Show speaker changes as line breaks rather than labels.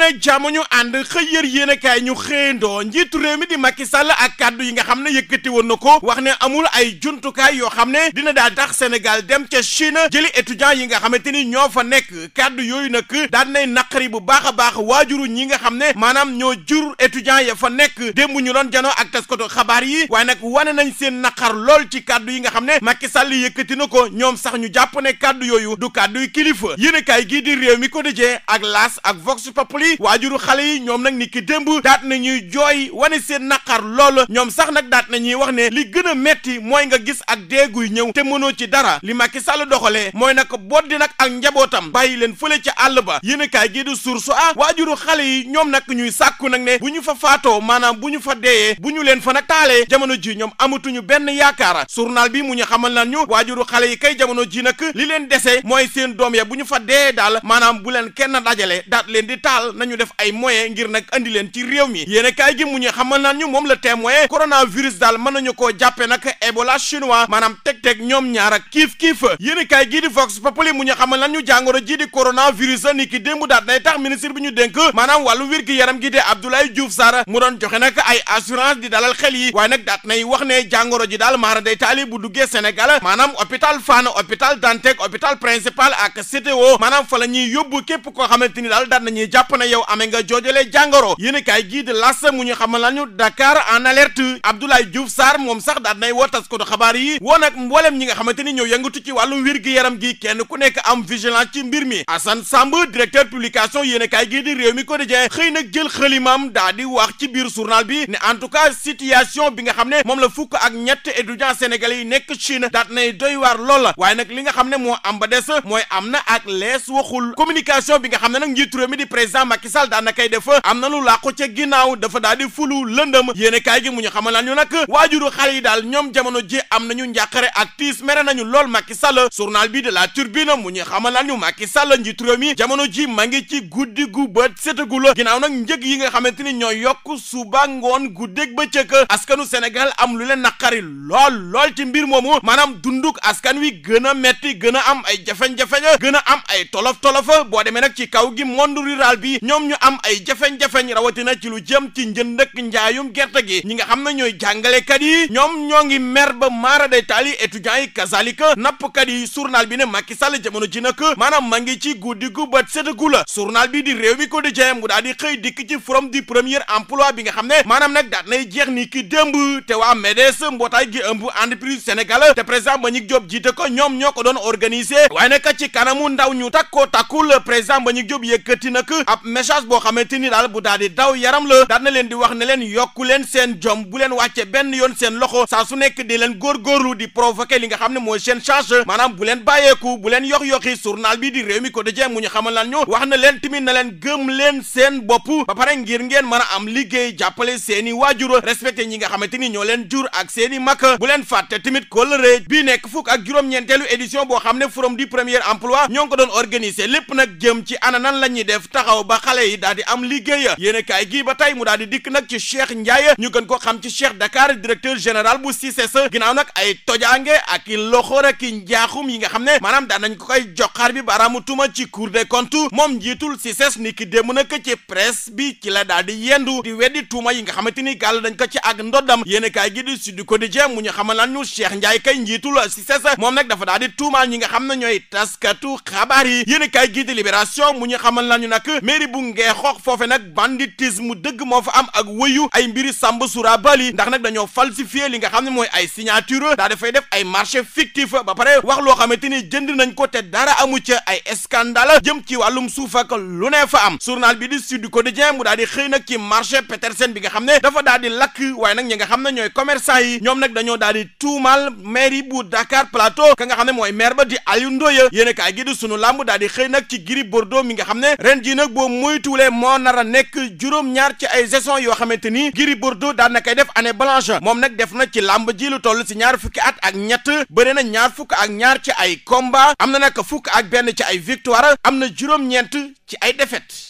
nag jàmm ñu ànd xëy yër yéenekaay ñu xëyandoo njiitu réew mi di Macky sàll ak kàddu yi nga xam ne yëkkati woon na ko wax ne amul ay jumtukaay yoo xam ne dina daal tax Sénégal dem ca Chine jëli étudiants yi nga xamante ni ñoo fa nekk kàddu yooyu nag daan nay naqari bu baax a baax waajuru ñi nga xam ne maanaam ñoo jur étudiants ya fa nekk démb ñu doon janoo ak taskatu xabaar yi waaye nag wane nañ seen naqar lool ci kàddu yi nga xam ne makki Sall yëkkati na ko ñoom sax ñu jàpp ne kàddu yooyu du kàddu kilifa yéenekaay gii di réew mi quotidien ak las ak vox yi waajuru xale yi ñoom nag ni ki démb daat nañuy jooy wane seen naqar lool ñoom sax nag daat na ñuy wax ne li gën a metti mooy nga gis ak déeguy ñëw te mënoo ci dara li Macky Sall doxalee mooy nag boddi nag ak njabootam bàyyi leen fële ca àll ba yéen a kaay gii di source ah waajuru xale yi ñoom nag ñuy sàkku nag ne bu ñu fa faatoo maanaam bu ñu fa deeyee bu ñu leen fa nag taalee jamono ji ñoom amatuñu benn yaakaara journal bi mu ñu xamal lan ñu waajuru xale yi kay jamono ji nag li leen dese mooy seen bu ñu fa dee daal maanaam bu leen kenn dajale daal nañu def ay moyens ngir nag andi leen ci réew mi yéen a kaay gi mu ñu xamal naan ñu moom la témoin coronavirus daal mën nañu koo jàppe nag Ebola chinois maanaam teg-teg ñoom ñaar kiif kiif yéen a kaay gii di Vox Populi mu ñu xamal naan ñu jàngoro ji di coronavirus ni ki démb daat nay tax ministre bi ñu dénk maanaam wàllu wér yaram gi di Abdoulaye Diouf Sarr mu doon joxe nag ay assurance di dalal xel yi waaye nag daat nay wax ne jàngoro ji daal ne yow amee nga joojale jàngoro yéen kaay gii di las mu ñu xamal lañu Dakar en alerte Abdoulaye Diouf Sarr moom sax daal nay woo taskatu xabaar yi woo nag mboolem ñi nga xamante ni ñoo yëngatu ci wàllum wér gi yaram gi kenn ku nekk am vigilance ci mbir mi Assane Samb directeur publication yéen kaay gii di réew mi quotidien xëy nag jël xëlimam daa di wax ci biir journal bi ne en tout cas situation bi nga xam ne moom la fukk ak ñett étudiants sénégalais yi nekk Chine daat nay doy lool la waaye nag li nga xam ne moo am ba des mooy na ak lees bi nga xam ne nag njiitu Macky Sall daan na koy def am na lu làqu ca ginnaaw dafa daal di fulu lëndëm yéene kaay gi mu ñu xamal ñu nag waajuru xale yi daal ñoom jamono ji am na ñu njàqare ak tiis mere nañu lool Macky Sall journal bi de la Turbine mu ñu xamal ñu Macky Sall njiitu réew mi jamono ji ma ngi ci guddi gu bët sétagu la ginnaaw nag njëg yi nga xamante ni ñooy yokk suba ngoon guddeeg bëccëg askanu Sénégal am lu leen naqari lool lool ci mbir moomu maanaam dunduk askan wi gën a metti gën a am ay jafe-jafe gën am ay tolof tolof boo demee nag ci kaw gi monde rural bi ñoom ñu am ay jafeñ-jafeñ rawatina ci lu jëm ci njënd ak njaayum gerte gi ñi nga xam ne ñooy jàngalekat yi ñoom ñoo ngi mer ba maara day taali étudiants yi kazalika nappkat yi journal bi ne Macky Sall jamono ji nag maanaam ma ngi ci guddi gu bët gu la journal bi di réew mi ko di jeem mu daal di xëy dikk ci forum du premier emploi bi nga xam ne maanaam nag daat nay jeex ni ki démb te waa MEDES mbootaay gi ëmb entreprise Sénégal te président Mbagnick Diop jiite ko ñoom ñoo ko doon organiser waaye nag ci kanamu ndaw ñu takkoo takkul président Mbagnick Diop yëkkati nag ab message boo xamante ni daal bu daal di daw yaram la daan na leen di wax ne leen yokku leen seen jom bu leen wàcce benn yoon seen loxo saa su nekk di leen góorgóorlu di provoquer li nga xam ne mooy seen charge maanaam bu leen bàyyeeku bu leen yox yoxi journal bi di réew mi quotidien mu ñu xamal lan ñu wax na leen tamit na leen gëm leen seen bopp ba pare ngir ngeen mën a am liggéey jàppale seeni waajuro respecté ñi nga xamante ni ñoo leen jur ak seeni mag bu leen fàtte tamit kóllëre bii nekk fukk ak juróom-ñeenteelu boo xam ne forum du premier emploi ñoo ko doon organiser lépp nag jëm ci ana nan la ñuy def taxaw ba xale yi daal di am liggéeya yéen kaay gii ba tey mu daal di dikk nag ci Cheikh Ndiaye ñu gën ko xam ci Cheikh Dakar directeur général bu CICES ginnaaw nag ay tojaange ak i loxoor njaaxum yi nga xam ne maanaam daan nañ ko koy joxaar bi baaraamu tuma ci Cour des comptes moom njiitul CICES ni ki démb nag ci presse bi ci la daal di yendu di weddi tuuma yi nga xamante ni gaal dañ ko ci ak ndoddam yéen kaay gi di Sud Quotidien mu ñu xamal naa ñu Cheikh Ndiaye kay njiitul CICES moom nag dafa daal di tuumaal ñi nga xam ne ñooy taskatu xabaar yi yéen kaay gi libération mu ñu xamal lan ñu nag bu ngeexoox foofe nag banditisme dëgg moo fa am ak wëyu ay mbiri sàmb sura bali ndax nag dañoo falsifié li nga xam ne mooy ay signature daa dafay def ay marché fictif ba pare wax loo xamante ni jënd nañ ko te dara amu ca ay scandale jëm ci wàllum suuf ak lu ne fa am journal bi di Sud Quotidien mu daal di xëy nag ci marché Petersen bi nga xam ne dafa daal di lakk waaye nag ñi nga xam ne ñooy commerçant yi ñoom nag dañoo daal di tuumal mairie bu Dakar xam ne mooy maire ba di Aliou Ndoye yéen daal di xëy nag ci Gris mi nga xam moytuwulee moo nar a nekk juróom-ñaar ci ay saison yoo xamante ni Gris Bordeaux daan na koy def année blanche moom nag def na ci làmb ji lu toll si ñaar fukki at ak ñett bëri na ñaar fukk ak ñaar ci ay combat am na nag fukk ak benn ci ay victoire am na juróom-ñeent ci ay défaite